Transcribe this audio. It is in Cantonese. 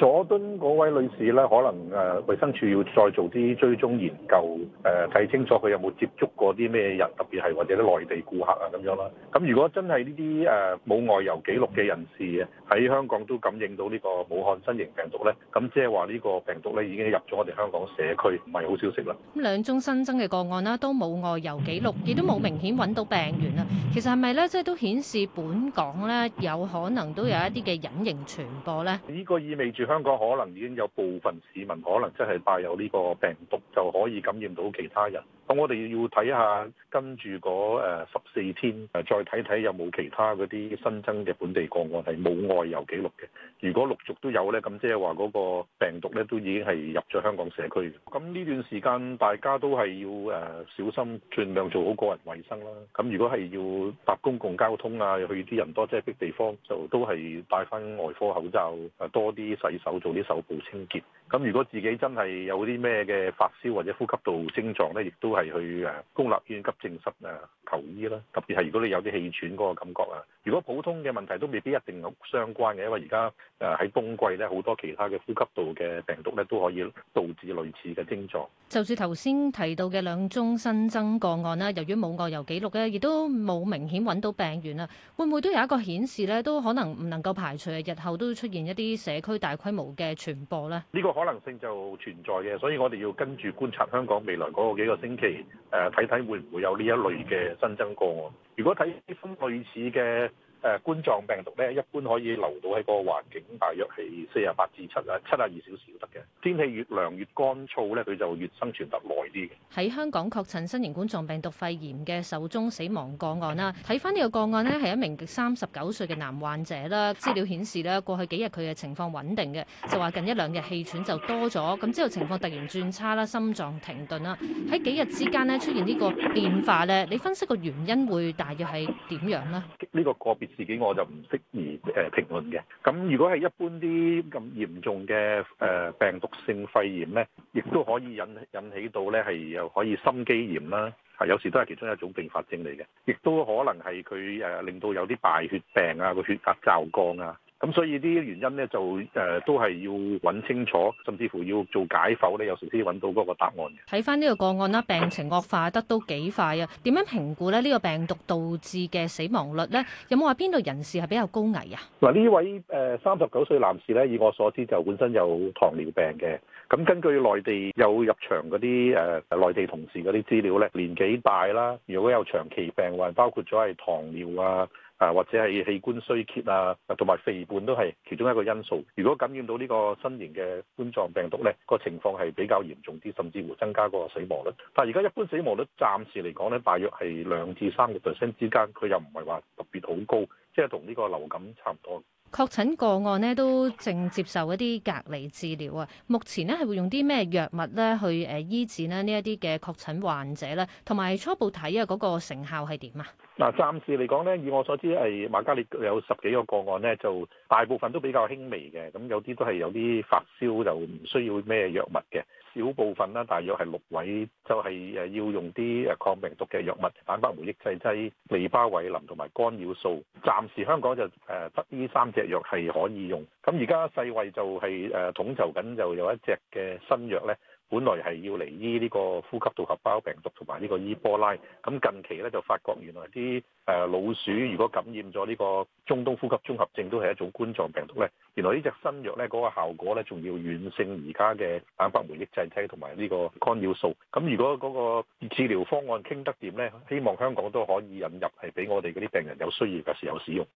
佐敦嗰位女士咧，可能誒、呃、衞生署要再做啲追蹤研究，誒、呃、睇清楚佢有冇接觸過啲咩人，特別係或者啲內地顧客啊咁樣啦。咁如果真係呢啲誒冇外遊記錄嘅人士啊，喺香港都感染到呢個武漢新型病毒咧，咁即係話呢個病毒咧已經入咗我哋香港社區，唔係好消息啦。咁兩宗新增嘅個案啦，都冇外遊記錄，亦都冇明顯揾到病源啊。其實係咪咧，即係都顯示本港咧有可能都有一啲嘅隱形傳播咧？呢個意味住？香港可能已經有部分市民可能真係帶有呢個病毒，就可以感染到其他人。咁我哋要睇下跟住嗰十四天，誒再睇睇有冇其他嗰啲新增嘅本地個案係冇外遊記錄嘅。如果陸續都有呢，咁即係話嗰個病毒呢都已經係入咗香港社區。咁呢段時間大家都係要誒小心，儘量做好個人衞生啦。咁如果係要搭公共交通啊，去啲人多、即係擠迫地方，就都係戴翻外科口罩，誒多啲洗手。手做啲手部清潔。咁如果自己真係有啲咩嘅發燒或者呼吸道症狀呢，亦都係去誒公立醫院急症室誒求醫啦。特別係如果你有啲氣喘嗰個感覺啊，如果普通嘅問題都未必一定有相關嘅，因為而家誒喺冬季呢，好多其他嘅呼吸道嘅病毒咧都可以導致類似嘅症狀。就算頭先提到嘅兩宗新增個案啦，由於冇外遊記錄咧，亦都冇明顯揾到病源啊，會唔會都有一個顯示呢都可能唔能夠排除日後都出現一啲社區大規模嘅傳播咧？呢個可能性就存在嘅，所以我哋要跟住觀察香港未來嗰個幾個星期，誒睇睇會唔會有呢一類嘅新增個案。如果睇啲類似嘅，誒冠狀病毒咧，一般可以留到喺個環境，大約係四啊八至七啊七啊二小時都得嘅。天氣越涼越乾燥咧，佢就越生存得耐啲。喺香港確診新型冠狀病毒肺炎嘅首宗死亡個案啦，睇翻呢個個案呢係一名三十九歲嘅男患者啦。資料顯示呢過去幾日佢嘅情況穩定嘅，就話近一兩日氣喘就多咗，咁之後情況突然轉差啦，心臟停頓啦，喺幾日之間呢出現呢個變化咧，你分析個原因會大約係點樣呢？呢個個別事件我就唔適宜誒評論嘅。咁如果係一般啲咁嚴重嘅誒病毒性肺炎呢，亦都可以引引起到呢係又可以心肌炎啦，係有時都係其中一種併發症嚟嘅，亦都可能係佢誒令到有啲敗血病啊，個血壓驟降啊。咁所以呢啲原因咧就誒、呃、都係要搵清楚，甚至乎要做解剖咧，有時先搵到嗰個答案嘅。睇翻呢個個案啦，病情惡化得都幾快啊！點樣評估咧？呢個病毒導致嘅死亡率咧，有冇話邊度人士係比較高危啊？嗱、呃，呢位誒三十九歲男士咧，以我所知就本身有糖尿病嘅。咁根據內地有入場嗰啲誒內地同事嗰啲資料咧，年紀大啦，如果有長期病患，包括咗係糖尿啊。啊，或者係器官衰竭啊，同埋肥胖都係其中一個因素。如果感染到呢個新型嘅冠狀病毒呢，個情況係比較嚴重啲，甚至乎增加嗰個死亡率。但係而家一般死亡率暫時嚟講呢，大約係兩至三個 percent 之間，佢又唔係話特別好高，即係同呢個流感差唔多。確診個案咧都正接受一啲隔離治療啊，目前咧係會用啲咩藥物咧去誒醫治呢？呢一啲嘅確診患者咧，同埋初步睇下嗰個成效係點啊？嗱，暫時嚟講咧，以我所知係瑪嘉烈有十幾個個案咧，就大部分都比較輕微嘅，咁有啲都係有啲發燒就唔需要咩藥物嘅。少部分啦，大約係六位，就係、是、誒要用啲誒抗病毒嘅藥物，蛋白酶抑制劑、利巴韋林同埋干擾素。暫時香港就誒得呢三隻藥係可以用。咁而家世衞就係誒統籌緊，就有一隻嘅新藥咧。本來係要嚟醫呢個呼吸道合胞病毒同埋呢個伊波拉，咁近期咧就發覺原來啲誒老鼠如果感染咗呢個中東呼吸綜合症都係一種冠狀病毒咧，原來藥呢隻新藥咧嗰個效果咧仲要遠勝而家嘅蛋白酶抑制劑同埋呢個干擾素，咁如果嗰個治療方案傾得掂咧，希望香港都可以引入係俾我哋嗰啲病人有需要嘅時候使用。